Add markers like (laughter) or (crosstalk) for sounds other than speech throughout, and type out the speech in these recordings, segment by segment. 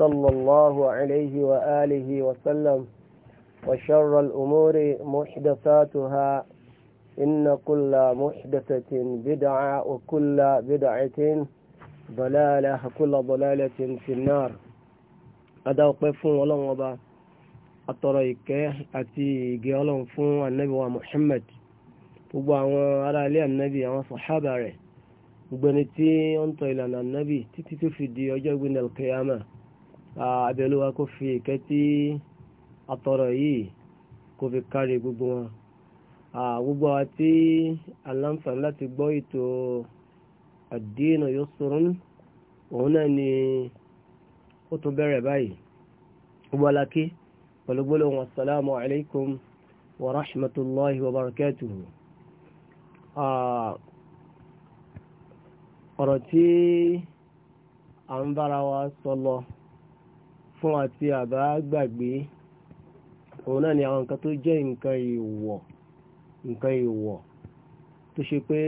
صلى الله عليه وآله وسلم وشر الأمور محدثاتها إن كل محدثة بدعة وكل بدعة ضلالة كل ضلالة في النار أدعو قفون ولن وبا أطريك أتي قيالهم فون النبي ومحمد gbogbo àwọn ará ilé ànábì àwọn sàhábà rẹ̀ gbogbo ẹni tí ó ń tọ ìlànà ànábì títí tó fi di ọjọ́ ìgbìndàlùkẹ́yàmà abẹ́lúwa kó fi ìkẹ́ tí atọrọ yìí kó fi kárí gbogbo wọn gbogbo àwọn tí aláǹfààní láti gbọ́ ètò ad-dinu yusrun òun náà ni ó tún bẹ̀rẹ̀ báyìí gbogbo aláké pẹ̀lú gbólóhùn assalamu alaikum wa rahmatullahi wa ọ̀rọ̀ tí a ń bára wa sọ lọ fún àti àbá gbàgbé òun náà ni àwọn nǹkan tó jẹ́ nǹkan ìwọ̀ nǹkan ìwọ̀ tó ṣe pé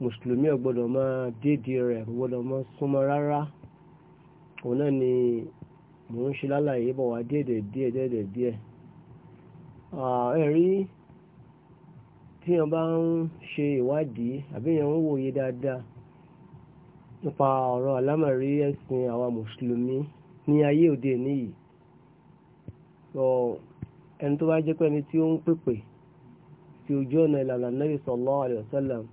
mùsùlùmí ò máa dédìí rẹ̀ gbọ́dọ̀ máa súnmọ́ rárá òun náà ni mò ń ṣe lálàyé bọ̀ wá dédè díẹ̀ dédè díẹ̀ ẹ̀rí tí wọ́n bá ń ṣe ìwádìí àbí yẹn ń wòye dáadáa nípa ọ̀rọ̀ alámọ̀rí ẹ̀sìn àwa mùsùlùmí ní ayé òde òní yìí lọ ẹni tó bá jẹ́ pé ẹni tí ó ń pèpè tí ojú ọ̀nà ìlànà Nabi sallallahu alaihi wasallam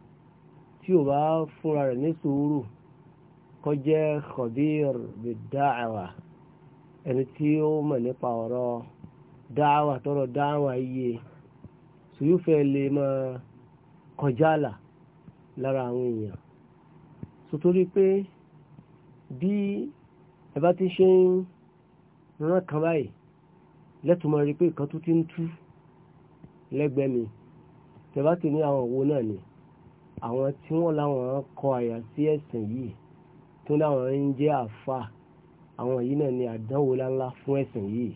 tí ò bá fúnra rẹ̀ ní sùúrù kó jẹ́ khabir bid-da'wa ẹni tí ó mọ̀ nípa ọ̀rọ̀ dáàwà tọrọ dáàwà iye sùúrùfẹ́ lè máa kọjá àlà lára àwọn èèyàn sotori pé bí ẹ bá ti ṣe ń rán kan báyìí lẹ́tùmọ̀ rí pé nǹkan tó ti ń tú lẹ́gbẹ̀ẹ́ mi tẹ ti ní àwọn òwò náà ni àwọn tí wọ́n láwọn kọ àyà sí ẹ̀sìn yìí tó láwọn ń jẹ́ àfa àwọn yìí náà ni àdánwò láńlá fún ẹ̀sìn yìí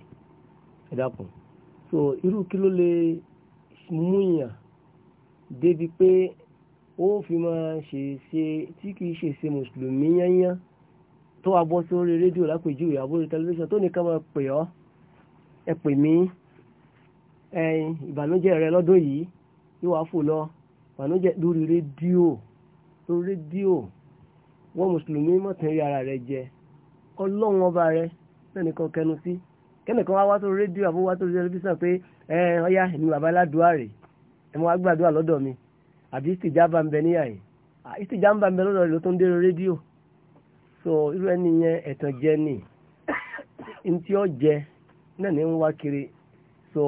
ẹ dákun so irú kí ló lè múyàn débi pé ó fi máa ṣe ṣe tí kìí ṣe ṣe mùsùlùmí yányán tó wà bọ́ sí orí rédíò lápèjúwe àbórí tẹlifíṣàn tó nìkan máa pè ọ́ ẹ pè mí ẹyin ìbànújẹ́ rẹ lọ́dún yìí yóò wá fò lọ ìbànújẹ́ lórí rédíò lórí rédíò wọ́n mùsùlùmí mọ̀tẹ́rí ara rẹ jẹ ọlọ́run ọba rẹ lẹ́nìkan kẹnu sí kẹ́nìkan wá wá sórí rédíò àbó wá sórí tẹlifíṣàn pé ẹ ọyá èmi bàbá aládùá rè ẹ mọ wá lọ́dọ̀ mi àbí ìtìjà bá ń bẹ níyà yìí ìtìjà ń bá so irú ẹni yẹn ẹ̀tàn jẹ ni ntí ọ jẹ náà ní ń wá kiri so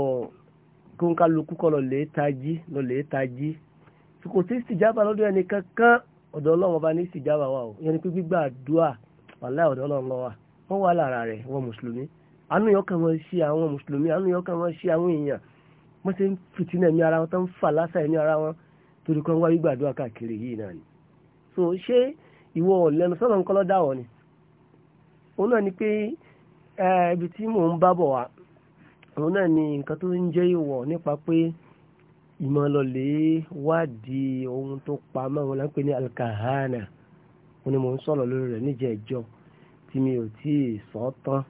kó ń kálukú kọ́ lọ lè tají lọ lè tají so kò sí ìsìjábà lọ́dọ̀ ẹni kankan ọ̀dọ̀ ọlọ́run ọba ní ìsìjábà wa o yẹn ni pé gbígbà àdúrà wàláì ọ̀dọ̀ ọlọ́run lọ́wọ́ wọ́n wà lára rẹ̀ wọ́n mùsùlùmí àánú yọ kàn wọ́n ṣe àwọn mùsùlùmí àánú yọ kàn wọ́n àwọn èèyàn wọ́n ń ara wọn tó ń fà lásà ara wọn torí kan wáyé gbàdúrà káàkiri yìí náà ni so ìwọ ọ̀lẹ́nu sọ́nà ń kọ́ lọ́dà wọ̀ ni òun náà ni pé ibi tí mò ń bábọ̀ wá òun náà ni nǹkan tó ń jẹ́ ìwọ̀ nípa pé ìmọ̀lọ́lẹ̀ wádìí ohun tó pamọ́ wọn là ń pè ní alkahana wọn ni mò ń sọ̀rọ̀ lórí rẹ̀ níjẹ́ ìjọ tí mi ò tí ì sọ tán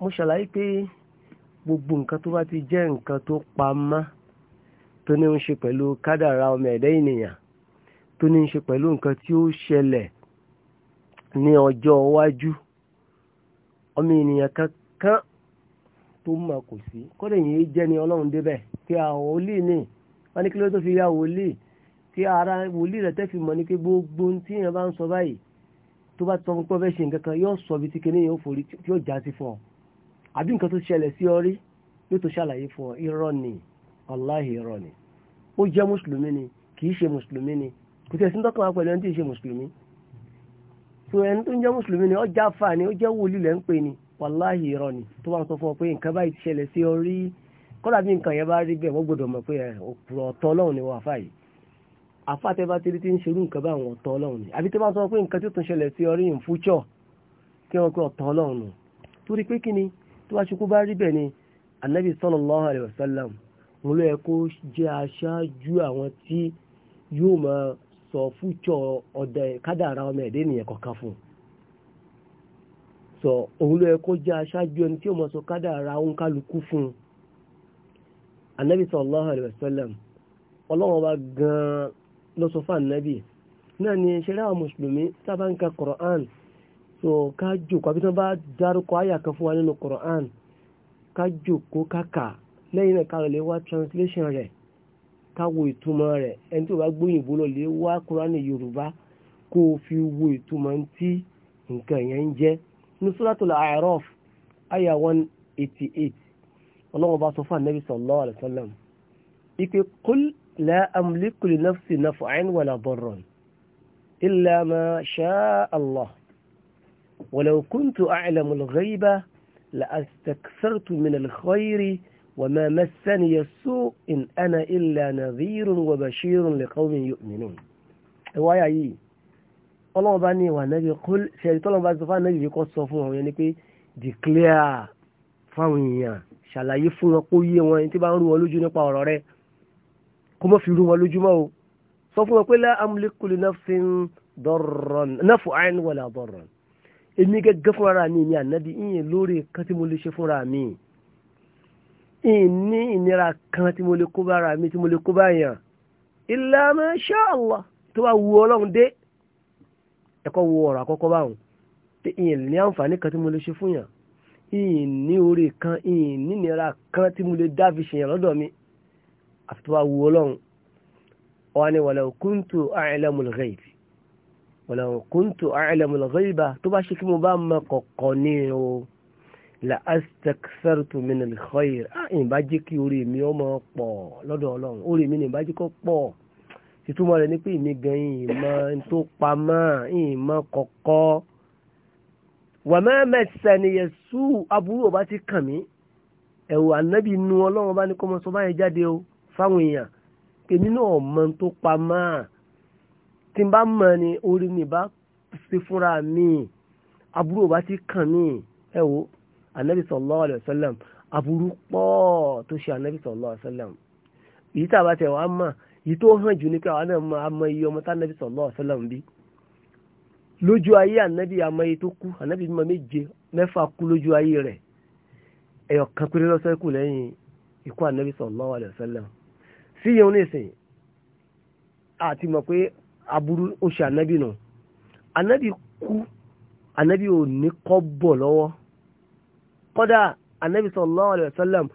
mo ṣàlàyé pé gbogbo nǹkan tó bá ti jẹ́ nǹkan tó pamọ́ tó ní ń ṣe pẹ̀lú kádàrá ọmọ ẹ̀dá ènìyàn tó ní í ṣe pẹ̀lú nǹkan tí ó ṣẹlẹ̀ ní ọjọ́ iwájú ọmọ ènìyàn kankan tó mà kò sí kọ́dà yìí jẹ́ ni ọlọ́run débẹ̀ kí a wòlíì ní wọ́n ní kí ló tó fi ya wòlíì kí ara wòlíì rẹ̀ tẹ́fì mọ́ ní pé gbogbo tí èèyàn bá ń sọ báyìí tó bá tọ́ pé ọbẹ̀ ṣe nǹkan kan yóò sọ ibi tí kìnìún yóò forí tí yóò já sí fún ọ àbí nǹkan tó ṣẹlẹ̀ sí ọ rí yóò tó ṣàlàyé fún ọ irọ́ ni wàláhì irọ́ ni ó jẹ́ mùsùlùmí ni kì í ṣe mùsùlùmí ni kò tẹ̀sí ń tọ́kàn wá pẹ̀lú ẹni tí ì ṣe mùsùlùmí so ẹni tó ń jẹ́ mùsùlùmí ni ó já fà ni ó jẹ́ wòlíì lẹ́ ń pè ní wàláhì irọ́ ni tó bá ń sọ fún ọ pé nǹkan báyìí ti sí ọ rí kọ́dà bí nǹkan yẹn bá rí bẹ́ẹ̀ wọ́n gbọ́dọ̀ mọ̀ pé òpùrọ̀ ọ̀tọ̀ ọlọ́run ni wọ́n àfà yìí àfà tẹ́ bá ti rí ti ń ṣerú nǹkan bá àwọn ọ̀tọ̀ ọlọ́run ni àbí tẹ́ bá ń sọ pé nǹkan tó tún ṣẹlẹ̀ sí ọ rí in future kí wọ́n pé ọ̀tọ̀ ọlọ́run nù torí pé kí ni tó bá ṣekú bá rí bẹ́ẹ̀ ni anabi sallallahu alaihi wasallam sọ fújọ ọdẹ kádàrá ọmọ ẹ̀dẹ́ ènìyàn kọ̀ọ̀kan fún un sọ òun ló yẹ kó jẹ́ aṣáájú ẹni tí ó mọ̀ sọ kádàrá òun kálukú fún anabi sallallahu alayhi wa sallam ọlọ́wọ́n bá gan ló sọ fún anabi náà ni ṣẹlẹ́ àwọn mùsùlùmí sábà ń ka Qur'an so ká jòkó àbí tí wọ́n bá dárúkọ àyà fún wa nínú Qur'an ká jòkó káka lẹ́yìn náà ká lè wá translation rẹ̀ ká wo ìtumọ̀ rẹ̀ ẹni tó bá gbóyìnbó lọ lè wá kúránì yorùbá kó o fi wo ìtumọ̀ tí nǹkan yẹn ń jẹ́ ní suratul A'raf àyà one eighty eight ọlọ́wọ́n bá sọ fún anabi sallallahu alayhi wa sallam ipe qul la amliku li nafsi naf'an wala darran illa ma sha'a Allah walau kuntu a'lamu al-ghayba la astakthartu min al-khayri. وما مسني السوء إن أنا إلا نذير وبشير لقوم يؤمنون ìwáyà yìí ọlọ́run bá ní ìwà nẹ́bí kúl ṣẹ̀rí tọ́lọ́run bá ti fáwọn nẹ́bí kọ́ sọ fún wọn yẹn ni pé declare fáwọn èèyàn ṣàlàyé fún wọn kó yé wọn tí bá ń rú wọn lójú nípa ọ̀rọ̀ rẹ kó mọ́ fi rú wọn lójú mọ́ o sọ fún wọn pé lá amúlékù nafsin dọ̀rọ̀n náfù àìn wọlé àbọ̀rọ̀n èmi gẹ́gẹ́ fúnra mi ni ànábì ìyẹn lórí kan tí mo lè ṣe fúnra mi ìní ìnira kan tí mo lè kó bára mi tí mo lè kó báyàn illa ma sha Allah tó bá wu ọlọ́run dé ẹ̀kọ́ wo ọ̀rọ̀ àkọ́kọ́ báwọn pé ìyìn ní àǹfààní kan tí mo lè ṣe fún yàn ìyìn ní orí kan ìyìn ní ìnira kan tí mo lè dá fi ṣèyàn lọ́dọ̀ mi àfi tó bá wu ọlọ́run wa ni walaw kuntu a'lamul ghaib walaw kuntu a'lamul ghaiba tó bá ṣe kí mo bá mọ kọ̀kọ̀ ní o la astaksartu min alkhair ah ìbá jẹ́ kí orí mi ọmọ pọ̀ lọ́dọ̀ ọlọ́run orí mi ní ìbá jẹ́ kó pọ̀ ìtumọ̀ rẹ̀ ni pé ìmí gan ìmọ̀ tó pamọ́ ìmọ̀ kọ̀kọ́ wà ni yẹ̀sù aburú ọba ti kàn mí ẹ̀wò ànábì nu ọlọ́run bá ní kọ́mọ sọ báyìí jáde o fáwọn èèyàn èmi náà mọ̀ tó pamọ́ tí n bá mọ̀ ni orí mi bá ṣe fúnra mi aburú ọba ti kàn mí ẹ̀wò anabi sallallahu alayhi wa sallam aburú pọ̀ tó ṣe anabi sallallahu alayhi wa sallam èyí tá a bá tẹ̀ wá mọ̀ èyí tó hàn jù ní pé àwọn náà máa mọ iye ọmọ tá anabi sallallahu alayhi wa sallam bí lójú ayé anabi amaye tó kú anabi bímọ méje mẹ́fà kú lójú ayé rẹ̀ ẹ̀yọ̀ kan péré lọ́sẹ̀ kù lẹ́yìn ikú anabi sallallahu alayhi wa sallam sí yẹn oníṣìn àti mọ̀ pé aburú ó ṣe anabi nù anabi kú anabi ò ní kọ́ bọ̀ lọ́wọ́ kọ́dà anabi sallallahu alayhi wa sallam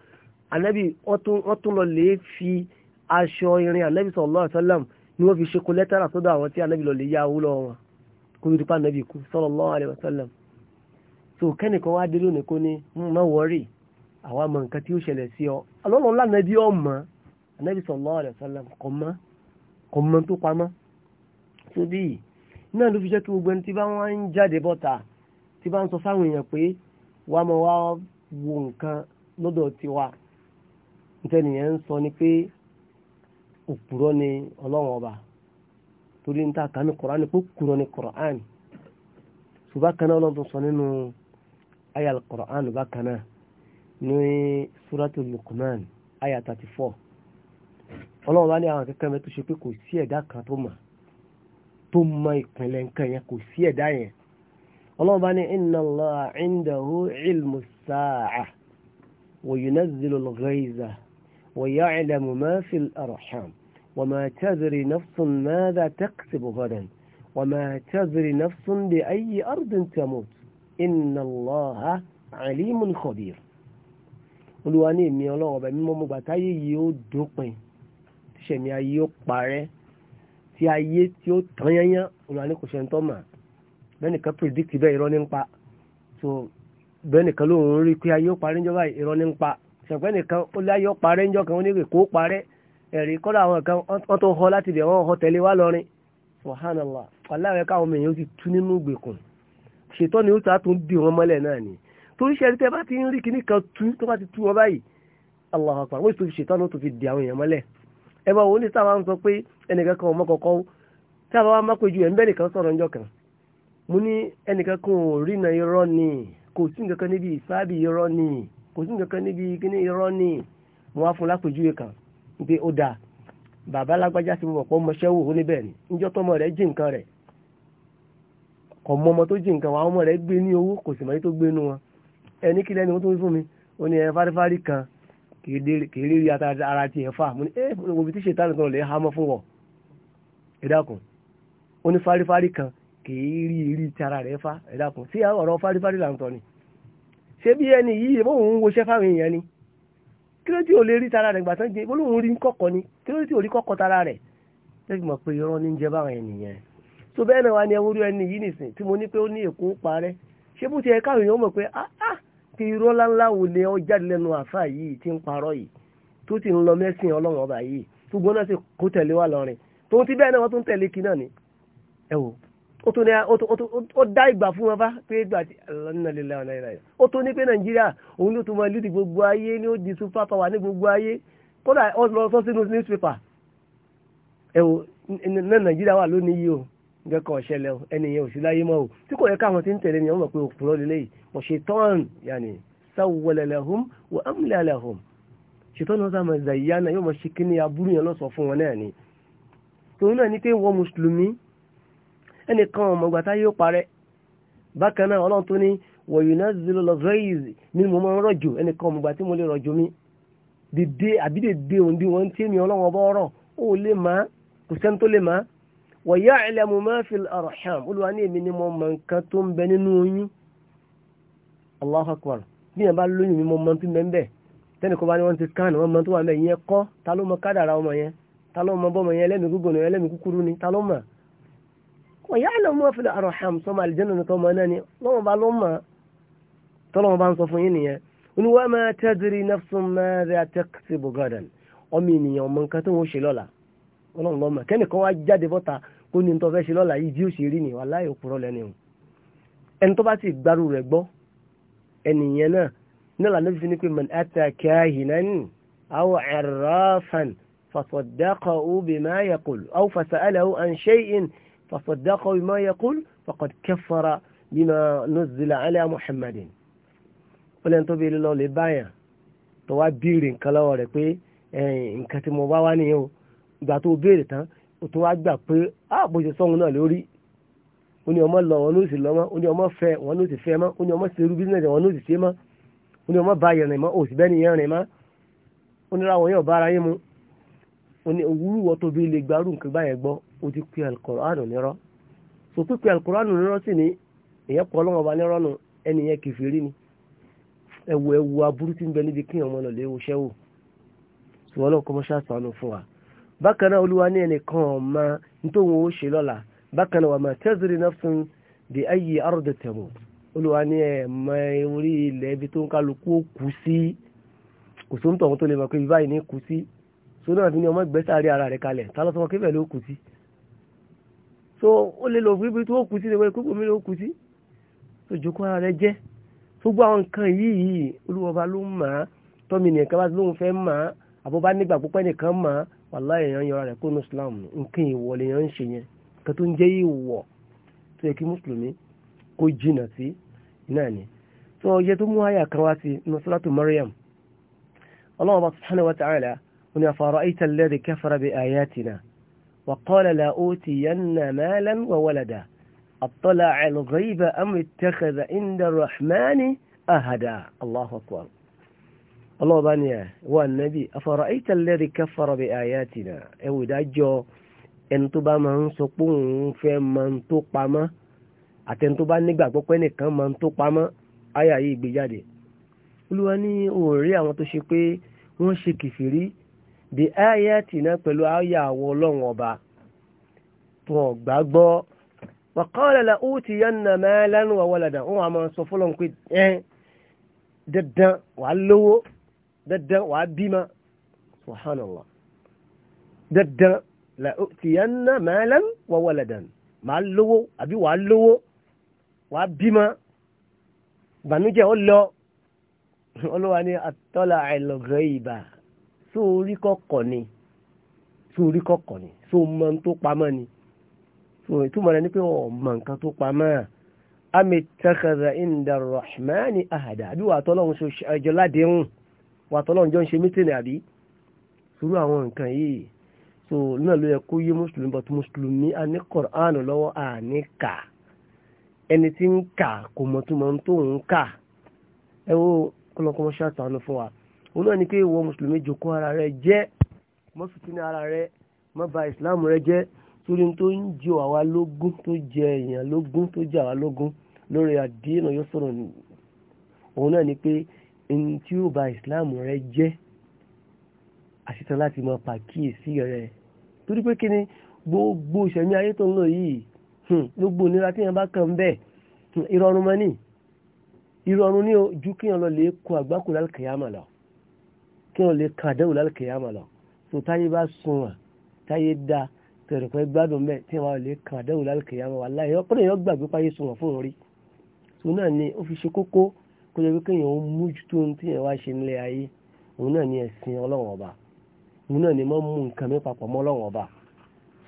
anabi wọ́n tún lọ lè fi aṣọ irin anabi sallallahu alayhi wa sallam ni wọ́n fi ṣe kó lẹ́tàrà sọ́dọ̀ àwọn tí anabi lọ lè yá owó lọ́wọ́ wọn kó yìí dípa anabi kú sallallahu alayhi wa sallam so kẹ́nìkan wá dé lónìí kó ní hmm, má wọ́rì àwa mọ nǹkan tí ó ṣẹlẹ̀ sí ọ alọ́nà ńlá anabi ọmọ anabi sallallahu alayhi wa sallam tó pamọ́ tó bí náà ló fi jẹ́ kí gbogbo ẹni tí bá wọ́n ń jáde bọ́ta tí bá ń sọ fáwọn èèyàn pé wá mọ wá wo nǹkan lọ́dọ̀ tiwa nítẹ̀nìyẹn ń sọ ni pé òpùrọ̀ ni ọlọ́run ọba torí ń ta kàmí kọ̀ọ̀án ni pé kúrọ̀ ni kọ̀ọ̀án ṣùgbọ́n kan náà ọlọ́run sọ nínú aya al-Qur'an bákan náà ní suratu Luqman aya 34 ọlọ́run bá ní àwọn akẹ́kọ̀ọ́ mẹ́tò ṣe pé kò sí ẹ̀dá kan tó mọ̀ tó mọ ìpínlẹ̀ nǹkan yẹn kò sí ẹ̀dá yẹn ọlọ́run bá ní inna Allah indahu ilmu sa'a wa yunazzilu al-ghayza wa ya'lamu ma fi al-arham wa ma tadri nafsun madha taksibu ghadan wa ma tadri nafsun bi ayyi ardin tamut inna Allah alimun khabir olúwa ní èmi ọlọ́run ọba mímọ́ mo táyé yìí ó dópin tíṣẹ̀mí ayé ó parẹ́ tí ayé tí ó tán yányán olúwa ní kò ṣe ń tọ́ màá bẹ́ẹ̀nìkan predict bẹ́ẹ̀ irọ́ ní ń pa so bẹ́ẹ̀nìkan ló ń rí pé ayé ó parí níjọba irọ́ ní ń pa ṣẹ̀pẹ́ nìkan ó lé ayé ó parí níjọ kan ó ní èkó parẹ́ ẹ̀rí kọ́dà àwọn kan wọ́n tó họ láti bẹ̀ wọ́n họ tẹ̀lé wá lọ́rin subhanallah aláwẹ̀ káwọn èèyàn ti tú nínú gbèkùn ṣètọ́ ni ó ta tó ń dì wọ́n mọ́lẹ̀ náà ni torí ṣẹ́ni tẹ́ bá ti ń rí kíní kan tú tó bá ti tú wọn báyìí allah akbar wọ́n sì tún fi ṣètọ́ ní ó tún fi dì àwọn èèyàn mọ́lẹ̀ ẹ bá wọlé táwa ń sọ pé ẹnìkan kan ọmọ kọ̀ọ̀kan táwa wá má péjú ẹ̀ ń bẹ́ẹ̀ nìkan sọ̀rọ̀ ńjọ́ kan mo ní ẹnìkan kan ò rí na irọ́ ni kò sí nǹkan kan níbi ìsáàbì irọ́ ni kò sí nǹkan kan níbi kíní irọ́ ni mo wá fún lápèjúwe kan pé ó dáa bàbá lágbájá ti wọ̀ pọ̀ mọṣẹ́ wò ó níbẹ̀ ni níjọ́ rẹ̀ jí nǹkan rẹ̀ kò mọ ọmọ tó jí nǹkan wọn ọmọ rẹ̀ gbé ní owó kò sì mọ ẹni tó gbé nu wọn ẹni wọ́n fún mi ó ní ẹ fárífárí kan ara fà mo ní kìí rí rí tara rẹ̀ fa ẹ̀dá kan sí ọ̀rọ̀ fárífárí là ń tọ́ ni ṣé bí ẹni yìí bó òun woṣẹ́ fáwọn èèyàn ni kí ló tí ò lè rí tara rẹ̀ gbàtàn jẹ olóhùn rí kọ̀kọ̀ ni kí ló tí ò rí kọ̀kọ̀ tara rẹ̀ lẹ́yìn mọ̀ pé irọ́ ní jẹ́ báwọn ènìyàn tó bẹ́ẹ̀ náà wá ní ẹwúrú ẹni yìí nìsín tí mo ní pé ó ní èkó parẹ́ ṣé bó ti ẹ káwọn èèyàn mọ̀ pé áá ah, ah, kí irọ́ láńlá wò lè ọ jáde lẹ́nu àfa yìí tí ń parọ́ yìí tó ti ń lọ mẹ́sìn ọlọ́run ọba yìí tó gbóná sí kó tẹ̀lé wa lọ́rin tòun ti bẹ́ẹ̀ náà wọ́n tún tẹ̀lé kí náà ni ẹ wò ó tún ní ó dá ìgbà fún wọn bá pé ìgbà tí alánàlélá ọ̀nà ìlànà ó tún ní pé nàìjíríà òun ló tún máa lùdì gbogbo ayé ní ó di super power ní gbogbo ayé kódà ó lọ sọ sínú newspaper ẹ̀wò náà nàìjíríà wà lónìí yìí o nǹkan kan ṣẹlẹ̀ o ẹni yẹn ò sí láyé mọ́ o tí kò yẹ káwọn ti ń tẹ̀lé ni wọ́n mọ̀ pé òpùrọ̀ lélẹ̀ yìí wọ́n ṣe tán yàní sáwọ́lẹ̀lẹ̀hùn wọ́n amúlẹ̀lẹ̀hùn ṣètọ́nù ọ̀sán àmọ̀ ìzàyíyá ẹnìkan ọmọ ìgbà táyé ó parẹ́ bákan náà ọlọ́run tó ní wọ̀yùnázìlò lọ́gẹ́yìzì ní mo máa ń rọ̀jò ẹnìkan ọmọ ìgbà tí mo lè rọ̀jò mi dìde àbí dìde òun bí wọ́n ń tẹ́ mi ọlọ́run ọba ọ̀rọ̀ ó lè má kò sẹ́ni tó lè má wọ̀yá ìlẹ̀mú máa fi arham olúwa ní èmi ni mo mọ nǹkan tó ń bẹ nínú oyún Allahu akbar bí yẹn bá lóyún mi mo mọ tó ń bẹ ń bẹ tẹ́nìkan bá ní wọ́n ti scan wọ́n mọ tó wà ń bẹ yẹn kọ́ ta ló mọ kádàrà ọmọ yẹn ta ló mọ bọ́mọ yẹn ẹlẹ́mìí gbogbo ẹlẹ́mìí kúkúrú ni ta ló mọ̀ ọ̀yá àná mọ́ fìlà arham sọmọ àlìjẹ́nà ní tọmọ náà ni lọ́wọ́ bá ló mọ̀ tọ́lọ́wọ́ bá ń sọ fún yín nìyẹn inú wa máa tadri nafsun madha taksibu gadan ọmọ ènìyàn ọmọ nǹkan tó ń ṣe lọ́la ọlọ́run lọ́mọ kẹ́nìkan wá jáde bọ́ta kó ní tó fẹ́ ṣe lọ́la yìí bí ṣe rí ni wallahi òpùrọ́ lẹ́ni o فصدقه بما يقول فقد كفر بما نزل على محمد ولن تبي لله لبايا tó wá béèrè nǹkan lọ́wọ́ rẹ̀ pé nǹkan tí mo bá wá nìyẹn o ìgbà tó béèrè tán o tó wá gbà pé ààbò ṣe sọ́hun náà lórí o ní ọmọ lọ wọn ló sì lọ mọ́ o ní ọmọ fẹ́ wọn ló sì fẹ́ mọ́ o ní ọmọ ṣerú bísíǹnẹ̀sì wọn ló sì ṣe mọ́ o ní ọmọ bá yẹn rìn mọ́ o sì bẹ́ẹ̀ nìyẹn rìn mọ́ o ní ra wọn yóò bá ara yín mu ó ní òwúrúwọ tó bí lè gbarú nǹkan báyẹn gbọ́ ó ti pe alukọ̀ránù nírọ́ so pípe alukọ̀ránù nírọ́ si ni èyàn pọ̀ ọlọ́wọ́ ọba nírọ́ ni ewu ewu aburú ti ń bẹ níbi kíyàn ọmọ lọ́lẹ́ ewu ṣẹ́wò tí wọ́n lọ́kọ́ mọ́ṣá sànù fún wa na náà olúwa ní ẹnìkan ọ̀ma nítorí wọn ó ṣe lọ́la bákan náà wà máa tazri nafsun bi ayyi ardi tamut olúwa ní ẹ̀ẹ̀mọ orí ilẹ̀ ibi tó ń kálukú ó kú sí kò tó lè pé ibà yìí so náà fi ni ọmọ ìgbésàárẹ̀ ara rẹ̀ kalẹ̀ ta ló sọ kébẹ̀ ló kù sí so ó lè lọ fún ibi tó kù sí ìwé kúkú mi ló kù sí so jókòó ara rẹ̀ jẹ́ tó gbọ́ àwọn nǹkan yìí yìí olúwọba ló ń mà á tọ́mi nìkan bá lóun fẹ́ mà á àbúbá nígbà púpẹ́ nìkan mà á wàláhì èèyàn yọra rẹ̀ kó nu Islam nǹkan ìwọ lèèyàn ń ṣe yẹn kan tó ń jẹ́ ìwọ tó yẹ kí mùsùlùmí kó jìnà sí náà ni so yẹ tó mú àyà kan wá sí nusratu Maryam Allah subhanahu wa ta'ala هنا فرأيت الذي كفر بآياتنا وقال لا أوتين مالا وولدا اطلع الغيب أم اتخذ عند الرحمن أهدا الله أكبر الله بانيا والنبي أفرأيت الذي كفر بآياتنا أو داجو ẹnitó bá máa ń sọ pé òun fẹ́ máa ń tó pamọ́ àtẹnitó bá nígbàgbọ́ pé nìkan máa ń tó pamọ́ àyà yìí gbé jáde olúwa ní òòrí àwọn tó ṣe pé wọ́n ṣe kìfìrí bí ayatina pẹ̀lú ayà àwọn ọlọ́run ọba wọn gbàgbọ́ wàkọ́ọ̀lẹ̀ la ó ti yẹn nà máa lẹ́nu wàwọ́lẹ̀dà wọn àmọ́ sọ fọlọ́n pé ẹ́ dandan wàá lówó dandan wàá bímọ subhanallah dandan la ó ti yẹn nà máa lẹ́nu wàwọ́lẹ̀dà máa lówó àbí wàá lówó wàá bímọ ìbànújẹ́ ó lọ ọlọ́wà ni atọ́lá àìlọ́gọ́ ìbá so orí kọ̀kọ̀ ni so orí kọ̀kọ̀ ni so mọ tó pamọ́ ni so ìtumọ̀ rẹ̀ ni pé ọ̀ mọ nǹkan tó pamọ́ àmì tẹ́kẹ̀rẹ̀ ìndà rahmani ahada àbí wàá tọ́lọ́run ṣọjọ́ ládéhùn wàá tọ́lọ́run jọ ń ṣe mítìnì àbí sùúrù àwọn nǹkan yìí so náà ló yẹ kó yé mùsùlùmí bọ́tú mùsùlùmí a ní kọ̀ránù lọ́wọ́ a ní kà ẹni tí ń kà kò mọ̀ tó ń kà ẹ wo kọ́lọ́kọ́ mọ́ fún wa òun náà ni pé ìwọ mùsùlùmí jòkó ara rẹ jẹ́ mọ́ fìtínà ara rẹ mọ́ bà islam rẹ jẹ́ torí tó ń jẹ àwa lógún tó jẹ èèyàn lógún tó jẹ àwa lógún lórí àdínà yóò sọ̀rọ̀ òun náà ni pé ẹni tí ó bà islam rẹ jẹ́ àṣetán láti máa pàkíyèsí rẹ torí pé kí ni gbogbo ìṣẹ̀mí ayé tó ń lò yìí hmm, gbogbo ìnira tí yẹn bá kàn bẹ́ẹ̀ hmm, ìrọ̀rùn mọ́ ni ìrọ̀rùn ni ojú kí yẹn lọ lè kó àgbákò lálùkìyàmọ̀ lọ kí wọ́n lè kàn dẹ́wò lálùkìyàmọ̀ lọ tó táyé bá sun wọn táyé da tẹ̀rù pé gbádùn mẹ́ tí wọ́n lè kàn dẹ́wò lálùkìyàmọ̀ wà láyé ọ̀pọ̀ èèyàn gbàgbé páyé sun wọn fún orí tó náà ni ó fi ṣe kókó kó jẹ́ pé kéèyàn ó mójútó ohun tí èèyàn wá ṣe nílé ayé òun náà ni ẹ̀sìn ọlọ́wọ̀n ọba òun náà ni mọ́ mú nǹkan mi papọ̀ mọ́ ọlọ́wọ̀n ọba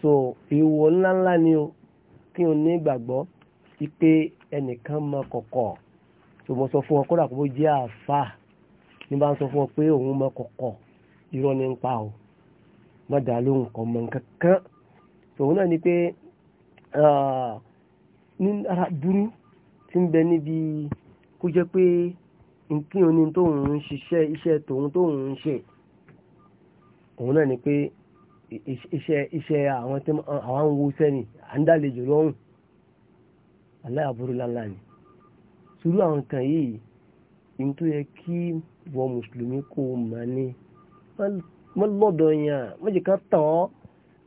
so ìwọ ńláńlá ni o ní bá ń sọ fún ọ pé òun mọ kọ̀kọ̀ irọ́ ní ń pa ò má dà lóhùn kọ̀ mọ̀ nǹkan kan tòun náà ni pé ní ara burú ti ń bẹ níbi kó jẹ́ pé nkí oní tóun ń ṣiṣẹ́ iṣẹ́ tòun tóun ń ṣe òun náà ni pé iṣẹ́ iṣẹ́ àwọn tí àwọn ń wo sẹ́ni à ń dálejò lọ́rùn aláàbúrú lálá ni sùúrù àwọn kan yìí ní tó yẹ kí wọ mùsùlùmí kò mà ní má lọ́dọ̀ yàn má jẹ́ ká tàn ọ́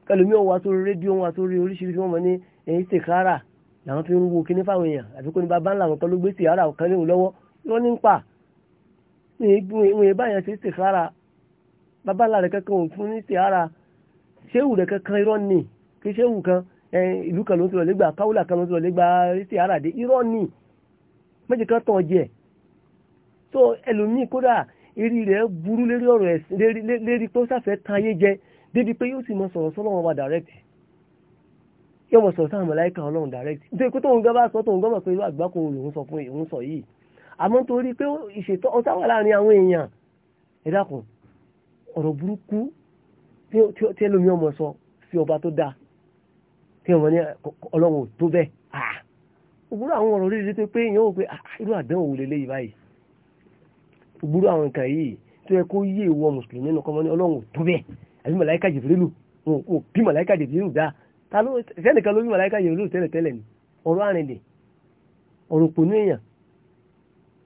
kẹlòmí ọ̀wá tó rédíò wọn àtòrí oríṣiríṣi wọn mọ̀ ní ẹ̀yìn tèkárà làwọn fi ń wo kíní fáwọn èèyàn àfi kò ní bàbá ńlá àwọn kan ló gbé tèkárà ọ̀kan léwu lọ́wọ́ wọ́n ní ń pa wọn yẹn báyẹn ṣe tèkárà bàbá ńlá rẹ̀ kankan ò fún ní tèkárà ṣéwù rẹ̀ kankan irọ́ ni kí ṣéwù kan ìlú kan ló ń sọ̀rọ̀ lẹ́gbàá káwùlà kan ló ń sọ̀rọ̀ lẹ́gbàá tèkárà dé irọ́ ni méjì kan tàn jẹ́ tó ẹlòmíì kódà eré rẹ̀ burú lérí ọ̀rọ̀ ẹ̀sìn lérí pé ó sàfẹ́ tan ayé jẹ débi pé yóò sì mọ sọ̀rọ̀ sọ́lọ́wọ́n wa direct yóò mọ sọ̀rọ̀ sáwọn mọ̀láìkà ọlọ́run direct nítorí pé tóun gan bá sọ tóun gan mọ̀ pé àgbákò òun sọ fún òun sọ yìí àmọ́ torí pé ìṣètò ọ̀tá wà láàrin àwọn èèyàn ẹ dákun ọ̀rọ̀ burúkú tí ẹlòmí ọmọ sọ sí ọba tó dáa tí ọmọ ní ọlọ́run tó bẹ́ẹ̀ òwúrọ̀ àwọn ọ̀rọ̀ rí rí tó pé èèyàn ò pé irú àdánwò lélẹ́yìí báyìí gbúrú àwọn nǹkan yìí tó yẹ kó yé ìwọ mùsùlùmí nínú kọ́mọ́ ní ọlọ́run tó bẹ́ẹ̀ àbí màláìka jìbìrìlù ò bí màláìka jìbìrìlù dá sẹ́nìkan ló bí màláìka jìbìrìlù tẹ́lẹ̀ tẹ́lẹ̀ ni ọ̀rọ̀ àrìndè ọ̀rọ̀ òpònú èèyàn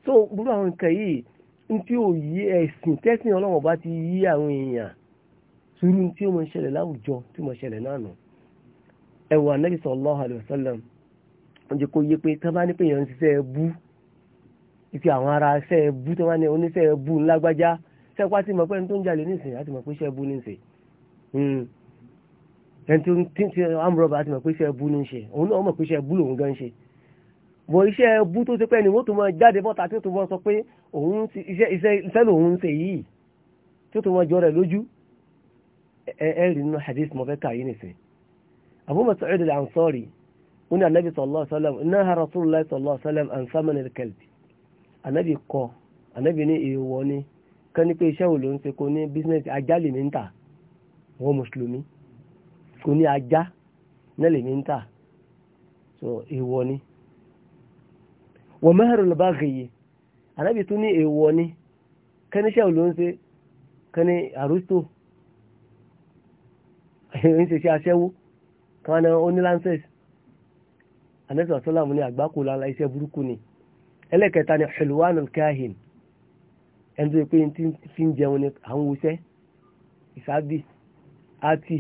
tó gbúrú àwọn nǹkan yìí n tí ò yí ẹ̀sìn tẹ́sìn ọlọ́run ọba ti yí àwọn èèyàn sùúrù tí ó máa ṣẹlẹ̀ láwùjọ tí ó máa ṣẹlẹ̀ náà nù ẹ̀wọ̀ Ànábì sallallahu alaihi wasallam ó jẹ́ kó yé pé tábà ní ipe àwọn ará iṣẹ́ ẹbú tó wá ní oníṣẹ́ ẹbú ńlágbájá sẹ́pá tí mọ̀ pé ẹni tó ń jalè nísìnyí àti mọ̀ pé iṣẹ́ ẹbú ní ṣe hmm. ẹni tó ń ṣe amúrọ̀bà àti mọ̀ pé iṣẹ́ ẹbú ní ṣe òun náà mọ̀ pé iṣẹ́ ẹbú lòun gan ṣe bọ̀ iṣẹ́ ẹbú tó ti pẹ́ ni wọ́n tó mọ jáde bọ́ta tó tó mọ sọ pé òun iṣẹ́ lòun ń ṣe yìí tó tó mọ jọ rẹ̀ lójú ẹ ànábì kọ ànábì ní èèwọ̀ ni kán ní pé iṣẹ́ wo ló ń ṣe kó ní bísínẹ́sì ajá lèmi ń tà wọ́n mùsùlùmí kò ní ajá náà lèmi ń tà so èèwọ̀ ni wọ́n mẹ́rin ló bá gèyè ànábì tún ní èèwọ̀ ni kán ní iṣẹ́ wo ń ṣe kán ní ń ṣe iṣẹ́ aṣẹ́wó kan ní onílánsẹ́sì ànábì sọ̀tọ́lá mu ní àgbákò lára iṣẹ́ burúkú ni ẹlẹ́kẹta ni hulwanul kahin ẹni tó yẹ pé tí fi ń jẹun ni à ń wuṣẹ́ ìsábì àti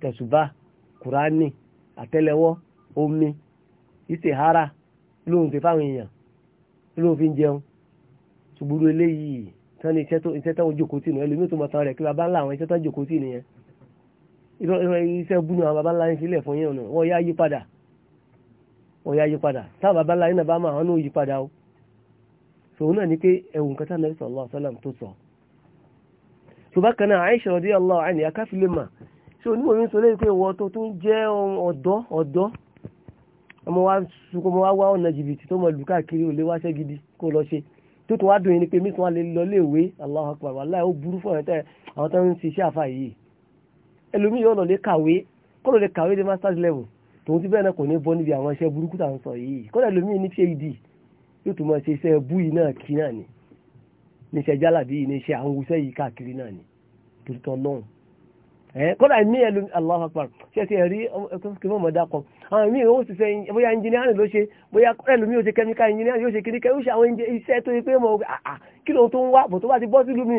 tẹ̀sùbá kùránì àtẹ́lẹwọ́ omi ìsèhárà lóhun ti fáwọn èèyàn lóhun fi ń jẹun ṣùgbúrú eléyìí tán ni iṣẹ́ tán jòkó tì nù ẹlòmí tó mọ̀ tán rẹ̀ kí bàbá ńlá àwọn iṣẹ́ tán jòkó tì nìyẹn iṣẹ́ búnú àwọn bàbá ńlá yín sílẹ̀ fún yín ọ̀nà wọ́n yá yí padà wọ́n yá yí padà táwọn bàbá ńlá yín náà bá mọ̀ àwọn náà yí padà o sòun náà ni pé ẹ̀wù nǹkan tá a nàbí sallallahu alaihi wasallam tó sọ. ṣùgbọ́n kan náà Aisha radiyallahu anha káfílẹ̀ mà ṣé onímọ̀ mi ń sọ lẹ́yìn pé ìwọ tó tún jẹ́ ọ̀dọ́ ọ̀dọ́ ọmọ wa sunkún ọmọ wa wá ọ̀nà jìbìtì tó mọ̀ lù káàkiri ò lè wáṣẹ́ gidi kó lọ ṣe tó tún wá dùn yín ni pé mísùn wa lè lọ léèwé Allahu akbar wallahi ó burú fún àwọn tó ń ṣiṣẹ́ àfa yìí ẹlòmíì yóò lọ lè kàwé kó yóò tún máa ṣe iṣẹ́ bú yìí náà kí náà ni níṣẹ́ jálàbí yìí níṣẹ́ àwọn oṣẹ́ yìí káàkiri náà ni torí tán lọ́hùn. ẹ kọ́dà mí ẹ lómi Allahu Akbar ṣe ti rí kí wọ́n mọ̀ dá kan àwọn míì ó ṣiṣẹ́ bóyá ẹnjìnírì ló ṣe bóyá ẹlòmí ó ṣe kẹ́míkà ẹnjìnírì yóò ṣe kíní kẹ́ yóò ṣe àwọn iṣẹ́ tó yẹ pé mọ̀ kí ló tó ń wá bọ̀ tó bá ti bọ́ sílùmí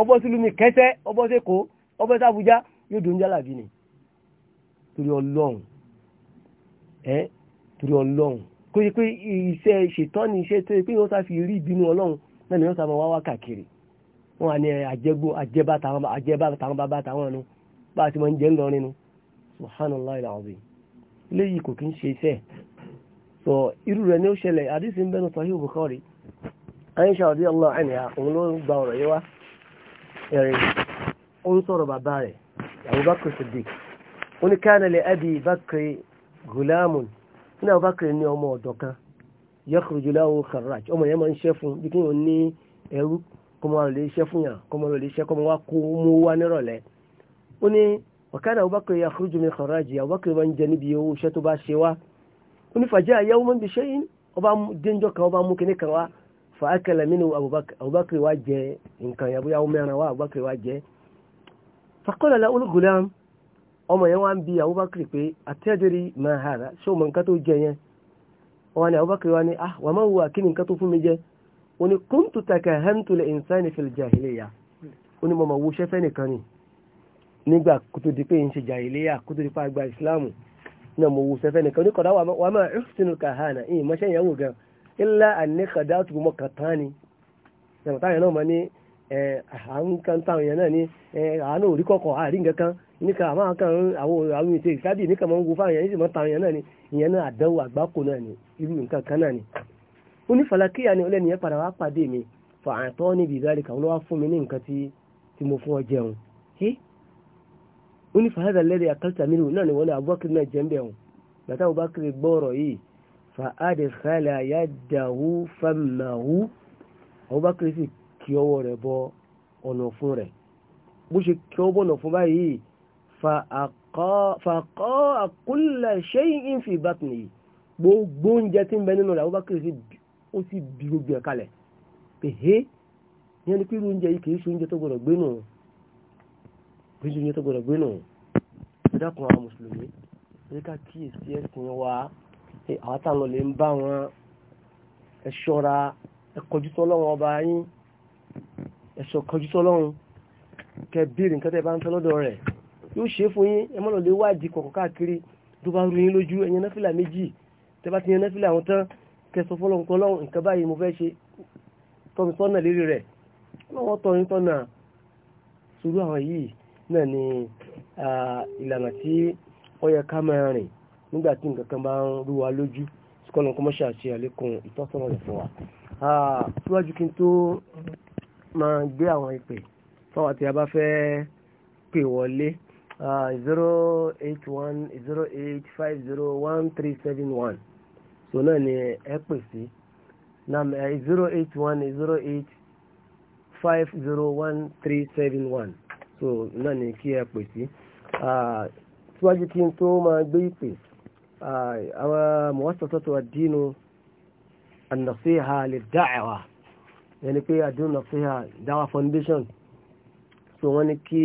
ọbọ̀ sílùmí kẹsẹ́ ọbọ̀ sẹ́kọ ọbọ̀ sàbújá kó yẹ pé iṣẹ́ ṣètọ́ ni iṣẹ́ tó yẹ pé wọ́n sá fi rí ìbínú ọlọ́run náà ni wọ́n sá máa wá wá káàkiri wọ́n á ní àjẹgbó àjẹbá táwọn bàbá táwọn nu bá a ti máa ń jẹ́ ńlọrin nu subhanallahi alazim léyìí kò kí ń ṣe iṣẹ́ sọ irú rẹ̀ ní ó ṣẹlẹ̀ àdìsí ń bẹ́nu sahih bukhari aisha radiyallahu anha òun ló gba ọ̀rọ̀ yẹn wá ẹ̀rẹ̀ ó ń sọ̀rọ̀ bàbá rẹ̀ abubakar siddiq ó ní kana li abi bakri gulamun ní Abubakar ní ọmọ ọ̀dọ̀ kan yakhruju lahu kharraj ọmọ yẹn máa ń ṣẹ́ fún bí kí wọ́n ní ẹrú kọ́mọ lè ṣẹ́ fún yàn kọ́mọ lè ṣẹ́ kọ́mọ wá kó mú wá nírọ̀lẹ́ ó ní ọ̀kadà Abubakar yakhruju min kharraj Abubakar máa ń jẹ níbi owó iṣẹ́ tó bá ṣe wá ó ní faja'a yawman bi shay'in ọba dénjọ́ kan ọba mú kinní kan wá fa akala ọmọ yẹn wá ń bi Abubakar pé àtẹ́dẹ́rì máa hàrá ṣé o mọ nǹkan tó jẹ yẹn wọn ah, ni Abubakar wa ni ah wà máa wù àkíní nǹkan tó fún mi jẹ ó ní kúntù takà hẹ́ntùlẹ̀ ìnsáni fil jahiliya ó ní mo mọ̀ wo ṣẹ́fẹ́ nìkan ni nígbà kótó di pé ń ṣe jahiliya kótó di pé àgbà ìsìláàmù náà mo wo ṣẹ́fẹ́ nìkan ní kọ̀dá wà máa ẹ̀fùsínú kàhánà ìyìn mọ́ṣẹ́ yẹn wò gan ilá àníkàdá tó mọ ni ṣàmùtáyà náà mọ ní eh, eh, àánú àánú òrí kọ̀kọ̀ àrí nǹkan kan níka àwọn akẹ́rin àwọn àwọn ètò ìkádì níka máa ń wo fáwọn èèyàn ní ìsìnkú táwọn èèyàn náà ni ìyẹn náà àdánwò àgbákò náà ni irú nǹkan kan náà ni. ó ní fàlàkìyà ni ọlẹ́ni yẹn padà wá pàdé mi fà àtọ́ níbi ìdárí kan ló wá fún mi ní nǹkan tí mo fún ọ jẹun. ó ní fàhádà lẹ́rẹ̀ àkàtà mi náà ni wọ́n ní abúkiri náà jẹ́ ń bẹ̀ wọ́n bàtà bó ṣe kí fàkọ́ àkúlẹ̀ ṣe ń fi bàtìní yìí gbogbo oúnjẹ tí ń bẹ nínú rẹ̀ Abubakar ó sì bí gbogbo ẹ̀ kalẹ̀ pèhé ní ẹni pírú oúnjẹ yìí kìí ṣe oúnjẹ tó gbọdọ̀ gbé nù kìí ṣe oúnjẹ tó gbọdọ̀ gbé nù ìdákun àwọn mùsùlùmí ní ká kíyèsí ẹ̀sìn wa àwọn táwọn lè ń bá wọn ẹ ṣọ́ra ẹ kọjú sọ́lọ́run ọba yín ẹ ṣọ́ kọjú sọ́lọ́run kẹ bíìrì nǹkan tẹ́ bá ń fẹ́ lọ́dọ̀ rẹ̀ yóò ṣe fún yín ẹ mọ́ lọ lè wádìí kọ̀ọ̀kan káàkiri tó bá rú yín lójú ẹ̀yin náfìlà méjì tẹ́ bá ti yan náfìlà àwọn tán kẹsọ fọlọ́n kọ́ lọ́wọ́ nǹkan báyìí mo fẹ́ ṣe tọ́mi sọ́nà lérí rẹ̀ lọ́wọ́ tọ́yìn sọ́nà sùúrù àwọn yìí náà ni ìlànà tí ó yẹ ká máa rìn nígbà tí nǹkan kan bá ń rú wa lójú sọ́nà kọ́mọ́ṣà ṣe àlékún ìtọ́sọ́nà rẹ̀ fún wa. síwájú kí n tó máa gbé àwọn ìpè fáwọn tí a pè wọlé. Uh, zero eight one zero eight five zero one three seven one so náà ni ẹ pè sí nam eh, zero eight one zero eight five zero one three seven one so náà ni kí ẹ pè sí uh, síwájú kí n tó máa gbé ìpè uh, àwọn muwassasatu ad-dinu an-nasiha lid-da'wa yẹni pé ad-dinu an da'wa foundation so wọ́n ní kí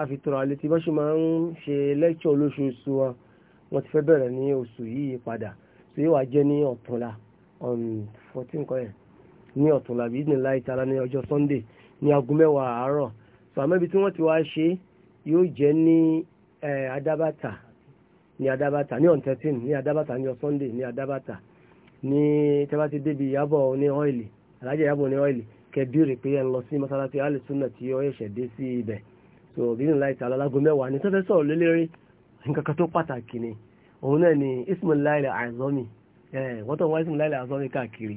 a fi tọrọ àlétí bá ṣe máa ń ṣe lẹ́kṣọ̀ olóṣooṣù wọn wọ́n ti fẹ́ bẹ̀rẹ̀ ní oṣù yìí padà so yóò wá jẹ́ ní ọ̀túnla on fourteen kọ́ ẹ̀ ní ọ̀túnla bíi ní láì ní ọjọ́ sunday ní aago mẹ́wàá àárọ̀ so àmọ́ ibi tí wọ́n ti wá ṣe yóò jẹ́ ní adábàtà ní adábàtà ní on thirteen ní adabata ní sunday ní adabata ní tẹ́bátì débi ìyàbọ̀ ní ọ́ìlì alájà ìyàbọ̀ ní ọ́ìlì kẹbíìrì pé ẹ ń lọ sí mọ́sálásí alẹ́sùnà tí ó ṣẹ̀ dé sí ibẹ̀ so bínú láì tà lálágo mẹ́wàá ní sọ́fẹ́ sọ̀rọ̀ lélẹ́rí nǹkan kan tó pàtàkì ni òun náà ni ismail azọ́mi wọ́n tó ń wá ismail azọ́mi káàkiri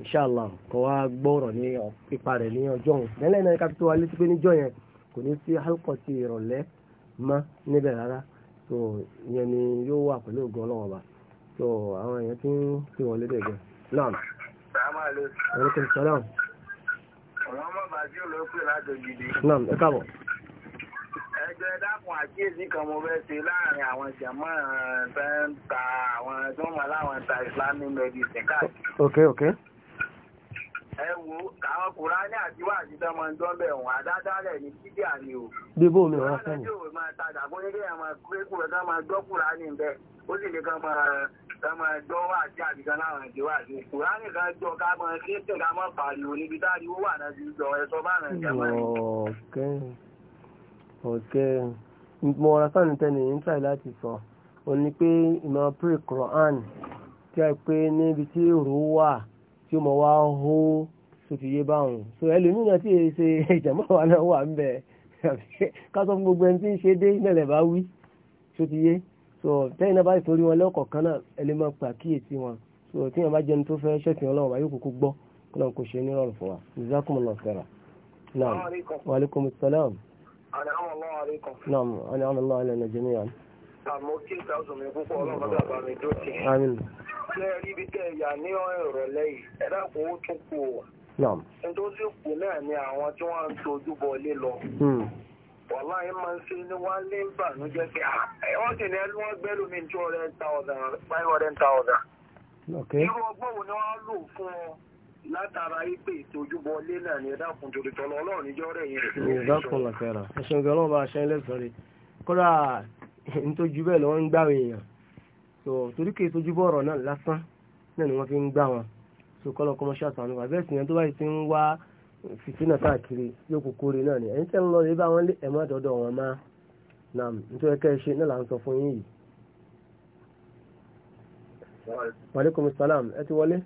inshallah kọ́ wá gbọ́rọ̀ ní ipa rẹ̀ ní ọjọ́ òun lẹ́lẹ́ náà ká tó wá létí pé níjọ́ yẹn kò ní sí halkọ̀ ti ìrọ̀lẹ́ mọ́ níbẹ̀ rárá so ìyẹn ni yóò wà pẹ̀lú ògùn ọlọ́wọ́ bá so àwọn èèyàn tí ń fi wọn lédè gan náà. Aleykum salaam. Ọ̀rọ̀ ọmọ bàjí ò ló pè lájọ gidi. Naam, ẹ káàbọ̀. Ẹgbẹ́ dákun àkíyèsí kan mo fẹ́ ṣe láàrin àwọn ìṣẹ̀mọ́ tẹ́ ń ta àwọn tó mọ̀ láwọn ta Islamic medicine káàkiri. Ok, ok. Ẹ wo, àwọn Kùránì àti wà sí tọ́mọ ń dán bẹ̀rùn, àdádálẹ̀ ní kídí àní o. Bí bó mi wá sẹ́yìn. Ọ̀rọ̀ ọjọ́ ìwé máa tajà, bó ní ẹ̀ máa gbé kúrẹ́ kama ẹjọ́ wà sí àbíkan láwọn ẹ̀jẹ̀ wà sí kùránì kan jọ ká mọ kí tẹ̀ ká mọ pariwo níbi táàrí ó wà náà ti jọ ẹ̀sọ́ bá rẹ̀ jẹ́ ni. ọ̀kẹ́ ọ̀kẹ́ mo ra sáàni tẹ́ni ń tàì láti sọ o ní pé ìmọ̀ pre Quran tí a pé níbi tí òru wà tí mo wá hó tó ti yé báwọn so ẹlòmíràn tí èyí ṣe ìjàmbá wa náà wà ń bẹ (laughs) ká sọ fún gbogbo ẹni tí ń ṣe dé ìmẹ̀lẹ̀ bá wí tó ti yé so tẹ́yìn náà bá torí wọn lọ́kọ̀ kan náà ẹ lè máa pa kíyèsí wọn so tíyẹn bá jẹun tó fẹ́ ṣẹ̀sìn ọlọ́run bá yóò kúkú gbọ́ kí lóun kò ṣe nírọ̀rùn fún wa jazakumullahu khairan naam wa aleykum salaam. naam ani amin allah alayna jami'an. àmọ́ kí n ta oṣù mi púpọ̀ ọlọ́run bá bá mi dókè. àmín. ṣé ẹ rí ibi tẹ ìyá ní ìrọ̀lẹ́ yìí ẹ dákun ó tún kù o. naam. n tó sì kù náà ni wàlá yìí máa ń ṣe ní wá lé ìbànújẹ́ pé ah, wọ́n sì ní ẹlú wọn gbẹ́rù mi two hundred thousand five hundred thousand. irú ọgbọ́n wo ni wọ́n á lò fún ọ látara ipe ìtojúbọlé náà ní ẹ̀dá kun torí tọ́lọ ọlọ́run níjọ́ rẹ̀ yẹn. ìgbà kan là fẹ́ràn ẹ̀sùn ìgbà ọlọ́run bá aṣẹ ẹlẹ́sàn rẹ̀ kódà nítorí bẹ́ẹ̀ lọ́wọ́ ń gbà èèyàn torí kì í tojú bọ̀ ọ̀rọ̀ náà lásán náà ni wọ́n fi ń gbà wọn. sọ kọ́lọ́ kọ́mọṣẹ́ àtàwọn àbẹ́sìn yẹn tó báyìí ti ń wá fìtínà káàkiri yóò kúkú rí náà ni ẹ̀yin tẹ́ ń lọ rí bá wọn lé ẹ̀mọ́ àdọ́dọ̀ wọn má nà nítorí kẹ́ ẹ ṣe náà là ń sọ fún yín yìí. maaleykum salaam ẹ ti wọlé.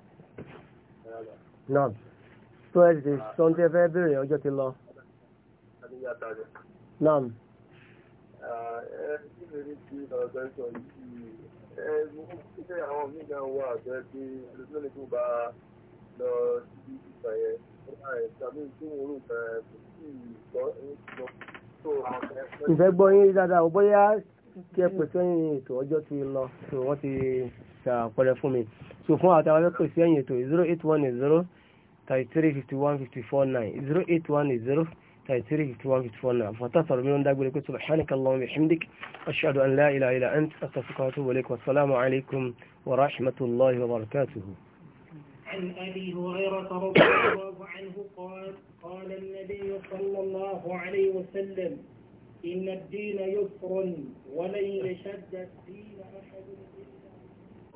naam tó ẹ ti sọ ní ẹ fẹ́ bèrè ọjọ́ ti lọ. naam. ẹ ti bèrè sí ọ̀gá ìṣọ̀ yìí ẹ mú iṣẹ́ àwọn mí-ín náà wà àgbẹ̀ pé ẹlẹ́sìn lè tó bá lọ síbi ìgbà yẹn ìfẹ́ gbọ́ yín dáadáa ò bóyá kí ẹ pèsè ẹ̀yìn ètò ọjọ́ ti lọ tó wọ́n ti ṣàpẹrẹ fún mi so fún àwọn àtàwọn ẹgbẹ́ pèsè ẹ̀yìn ètò zero eight one zero thirty three fifty one fifty four nine zero eight one zero thirty three fifty one fifty four nine fata sọ̀rọ̀ mi ló ń dágbére pé subhanaka Allahumma wa bihamdik ashhadu an la ilaha illa anta astaghfiruka wa atubu ilayk wa salaamu alaykum wa rahmatulahi wa barakatuhu. عن أبي هريرة رضي الله عنه قال قال النبي صلى الله عليه وسلم إن الدين يسر ولن يشد الدين أحد